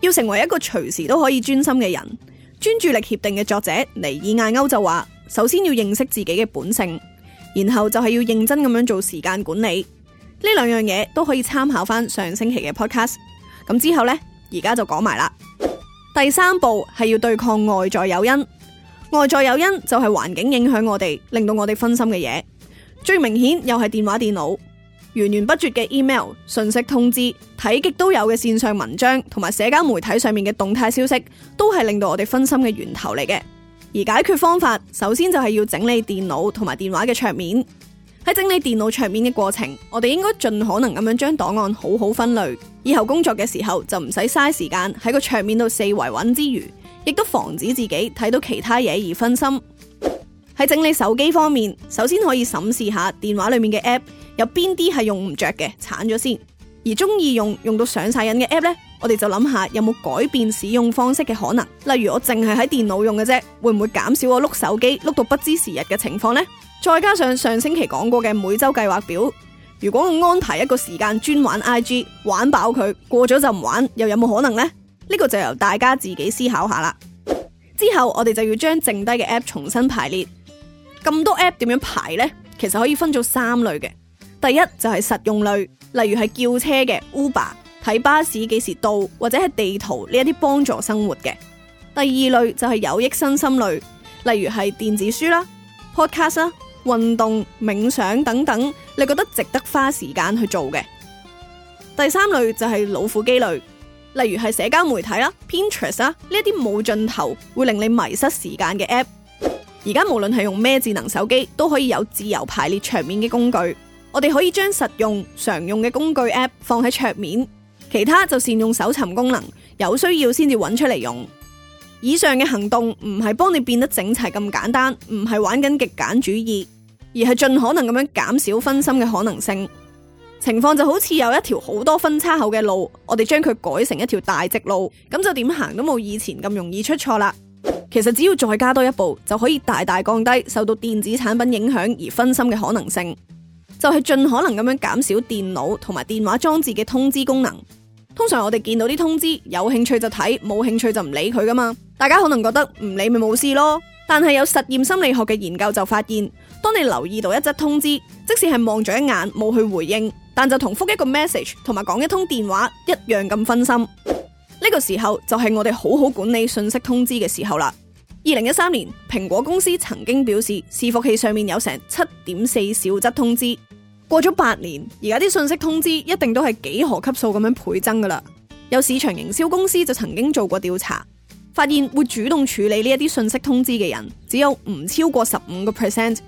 要成為一個隨時都可以專心嘅人，專注力協定嘅作者尼爾艾歐就話，首先要認識自己嘅本性，然後就係要認真咁樣做時間管理。呢兩樣嘢都可以參考返上星期嘅 podcast。咁之後呢，而家就講埋啦。第三步係要對抗外在誘因，外在誘因就係環境影響我哋，令到我哋分心嘅嘢。最明顯又係電話、電腦。源源不絕嘅 email 信息通知、睇極都有嘅線上文章同埋社交媒體上面嘅動態消息，都係令到我哋分心嘅源頭嚟嘅。而解決方法，首先就係要整理電腦同埋電話嘅桌面。喺整理電腦桌面嘅過程，我哋應該盡可能咁樣將檔案好好分類，以後工作嘅時候就唔使嘥時間喺個桌面度四圍揾之餘，亦都防止自己睇到其他嘢而分心。喺整理手機方面，首先可以審視下電話裏面嘅 app。有邊啲係用唔着嘅，鏟咗先慘。而中意用用到上晒癮嘅 app 呢，我哋就諗下有冇改變使用方式嘅可能。例如我淨係喺電腦用嘅啫，會唔會減少我碌手機碌到不知時日嘅情況呢？再加上上星期講過嘅每周計劃表，如果我安排一個時間專玩 IG，玩飽佢，過咗就唔玩，又有冇可能呢？呢個就由大家自己思考下啦。之後我哋就要將剩低嘅 app 重新排列。咁多 app 點樣排呢？其實可以分做三類嘅。第一就係實用類，例如係叫車嘅 Uber，睇巴士幾時到，或者係地圖呢一啲幫助生活嘅。第二類就係有益身心類，例如係電子書啦、Podcast 啦、啊、運動、冥想等等，你覺得值得花時間去做嘅。第三類就係老虎機類，例如係社交媒體啦、Pinterest 啦，呢一啲冇盡頭會令你迷失時間嘅 App。而家無論係用咩智能手機，都可以有自由排列場面嘅工具。我哋可以將實用常用嘅工具 App 放喺桌面，其他就善用搜尋功能，有需要先至揾出嚟用。以上嘅行動唔係幫你變得整齊咁簡單，唔係玩緊極簡主義，而係盡可能咁樣減少分心嘅可能性。情況就好似有一條好多分叉口嘅路，我哋將佢改成一條大直路，咁就點行都冇以前咁容易出錯啦。其實只要再加多一步，就可以大大降低受到電子產品影響而分心嘅可能性。就係、是、盡可能咁樣減少電腦同埋電話裝置嘅通知功能。通常我哋見到啲通知，有興趣就睇，冇興趣就唔理佢噶嘛。大家可能覺得唔理咪冇事咯，但係有實驗心理學嘅研究就發現，當你留意到一則通知，即使係望咗一眼冇去回應，但就同復一個 message 同埋講一通電話一樣咁分心。呢、這個時候就係我哋好好管理信息通知嘅時候啦。二零一三年，蘋果公司曾經表示，伺服器上面有成七點四小則通知。過咗八年，而家啲信息通知一定都係幾何級數咁樣倍增噶啦。有市場營銷公司就曾經做過調查，發現會主動處理呢一啲信息通知嘅人只有唔超過十五個 percent。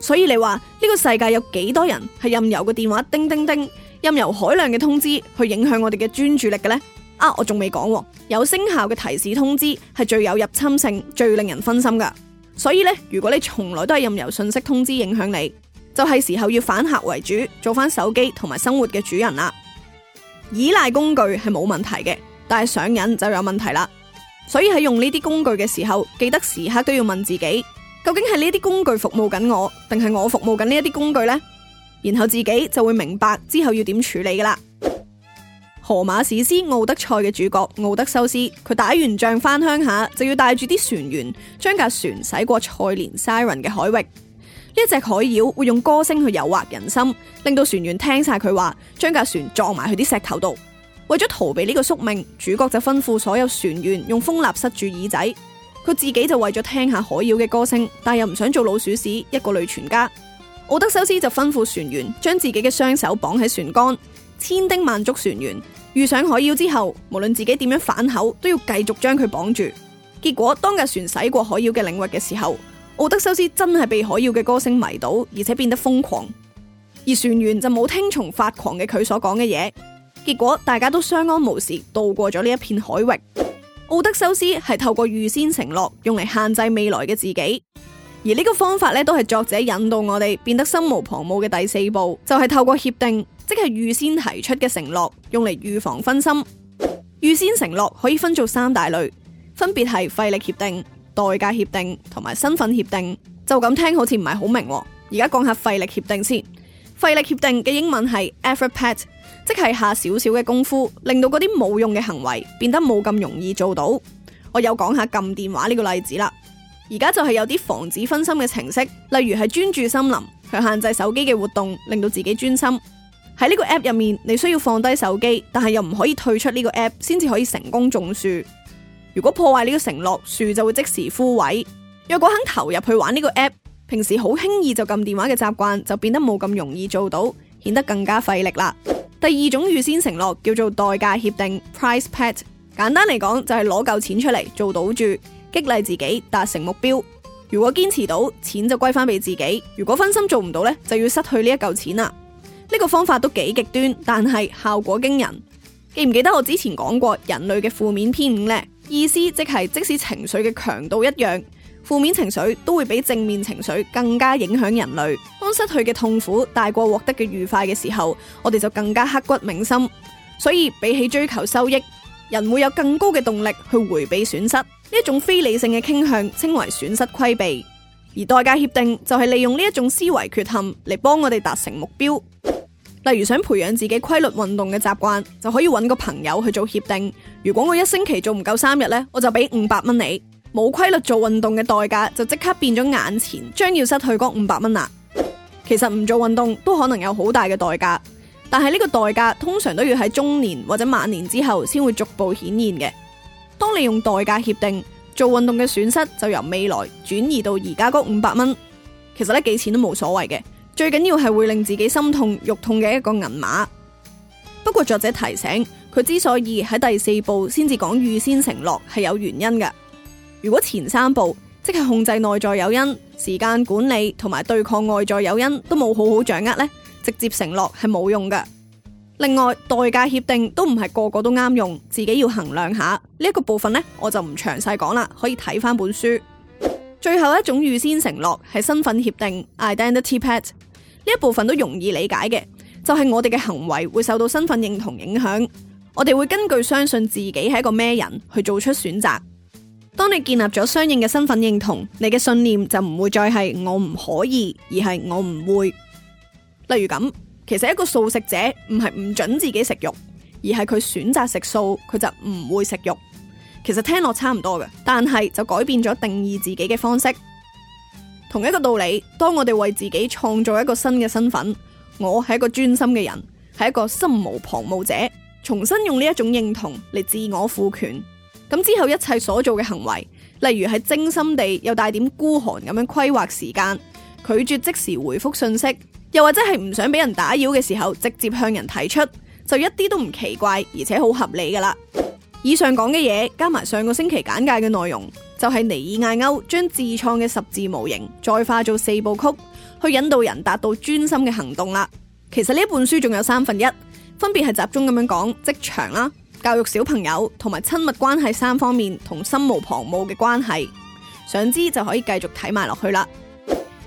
所以你話呢個世界有幾多人係任由個電話叮叮叮、任由海量嘅通知去影響我哋嘅專注力嘅呢？啊，我仲未講，有聲效嘅提示通知係最有入侵性、最令人分心噶。所以呢，如果你從來都係任由信息通知影響你。就係時候要反客為主，做翻手機同埋生活嘅主人啦。依賴工具係冇問題嘅，但係上癮就有問題啦。所以喺用呢啲工具嘅時候，記得時刻都要問自己，究竟係呢啲工具服務緊我，定係我服務緊呢一啲工具呢？然後自己就會明白之後要點處理噶啦。《荷馬史詩》奧德賽嘅主角奧德修斯，佢打完仗返鄉下，就要帶住啲船員，將架船駛過賽連 Siren 嘅海域。一隻海妖會用歌聲去誘惑人心，令到船員聽晒佢話，將架船撞埋去啲石頭度。為咗逃避呢個宿命，主角就吩咐所有船員用蜂蠟塞住耳仔，佢自己就為咗聽下海妖嘅歌聲，但又唔想做老鼠屎一個累全家。奧德修斯就吩咐船員將自己嘅雙手綁喺船杆，千叮萬囑船員遇上海妖之後，無論自己點樣反口，都要繼續將佢綁住。結果當架船駛過海妖嘅領域嘅時候，奧德修斯真係被海妖嘅歌聲迷倒，而且變得瘋狂，而船員就冇聽從發狂嘅佢所講嘅嘢，結果大家都相安無事，度過咗呢一片海域。奧德修斯係透過預先承諾用嚟，限制未來嘅自己，而呢個方法咧都係作者引導我哋變得心無旁騖嘅第四步，就係透過協定，即係預先提出嘅承諾，用嚟預防分心。預先承諾可以分做三大類，分別係費力協定。代價協定同埋身份協定，就咁聽好似唔係好明喎。而家講下費力協定先，費力協定嘅英文係 effort pact，即係下少少嘅功夫，令到嗰啲冇用嘅行為變得冇咁容易做到。我有講下撳電話呢個例子啦。而家就係有啲防止分心嘅程式，例如係專注森林，佢限制手機嘅活動，令到自己專心。喺呢個 app 入面，你需要放低手機，但係又唔可以退出呢個 app，先至可以成功種樹。如果破壞呢個承諾，樹就會即時枯萎。若果肯投入去玩呢個 app，平時好輕易就撳電話嘅習慣就變得冇咁容易做到，顯得更加費力啦。第二種預先承諾叫做代價協定 （price p a d t 簡單嚟講就係攞夠錢出嚟做賭注，激勵自己達成目標。如果堅持到，錢就歸翻俾自己；如果分心做唔到呢就要失去呢一嚿錢啦。呢、這個方法都幾極端，但係效果驚人。記唔記得我之前講過人類嘅負面偏五呢？意思即係，即使情緒嘅強度一樣，負面情緒都會比正面情緒更加影響人類。當失去嘅痛苦大過獲得嘅愉快嘅時候，我哋就更加刻骨銘心。所以比起追求收益，人會有更高嘅動力去回避損失。呢一種非理性嘅傾向稱為損失規避，而代價協定就係利用呢一種思維缺陷嚟幫我哋達成目標。例如想培養自己規律運動嘅習慣，就可以搵個朋友去做協定。如果我一星期做唔夠三日呢，我就俾五百蚊你。冇規律做運動嘅代價就即刻變咗眼前，將要失去嗰五百蚊啦。其實唔做運動都可能有好大嘅代價，但係呢個代價通常都要喺中年或者晚年之後先會逐步顯現嘅。當你用代價協定，做運動嘅損失就由未來轉移到而家嗰五百蚊。其實咧幾錢都冇所謂嘅。最緊要係會令自己心痛肉痛嘅一個銀碼。不過作者提醒，佢之所以喺第四步先至講預先承諾係有原因嘅。如果前三步即係控制內在誘因、時間管理同埋對抗外在誘因都冇好好掌握呢，直接承諾係冇用嘅。另外，代價協定都唔係個個都啱用，自己要衡量一下呢一個部分呢，我就唔詳細講啦，可以睇翻本書。最後一種預先承諾係身份協定 （Identity Pact）。呢一部分都容易理解嘅，就係我哋嘅行為會受到身份認同影響，我哋會根據相信自己係一個咩人去做出選擇。當你建立咗相應嘅身份認同，你嘅信念就唔會再係我唔可以，而係我唔會。例如咁，其實一個素食者唔係唔准自己食肉，而係佢選擇食素，佢就唔會食肉。其實聽落差唔多嘅，但係就改變咗定義自己嘅方式。同一個道理，當我哋為自己創造一個新嘅身份，我係一個專心嘅人，係一個心無旁騖者，重新用呢一種認同嚟自我賦權。咁之後一切所做嘅行為，例如係精心地又帶點孤寒咁樣規劃時間，拒絕即時回復信息，又或者係唔想俾人打擾嘅時候，直接向人提出，就一啲都唔奇怪，而且好合理㗎喇。以上講嘅嘢加埋上，上個星期簡介嘅內容。就係尼爾艾歐將自創嘅十字模型再化做四部曲，去引導人達到專心嘅行動啦。其實呢一本書仲有三分一，分別係集中咁樣講職場啦、教育小朋友同埋親密關係三方面同心無旁騖嘅關係。想知就可以繼續睇埋落去啦。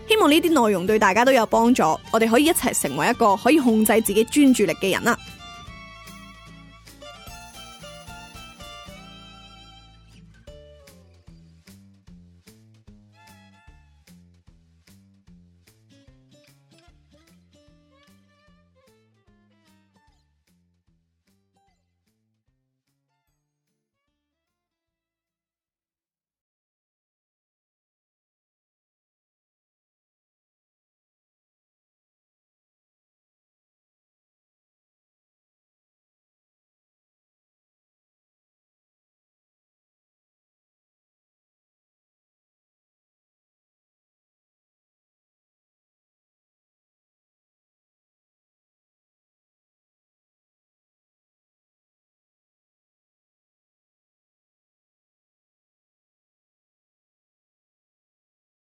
希望呢啲內容對大家都有幫助，我哋可以一齊成為一個可以控制自己專注力嘅人啦。